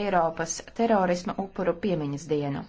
Eiropas terorisma upuru piemiņas dienu.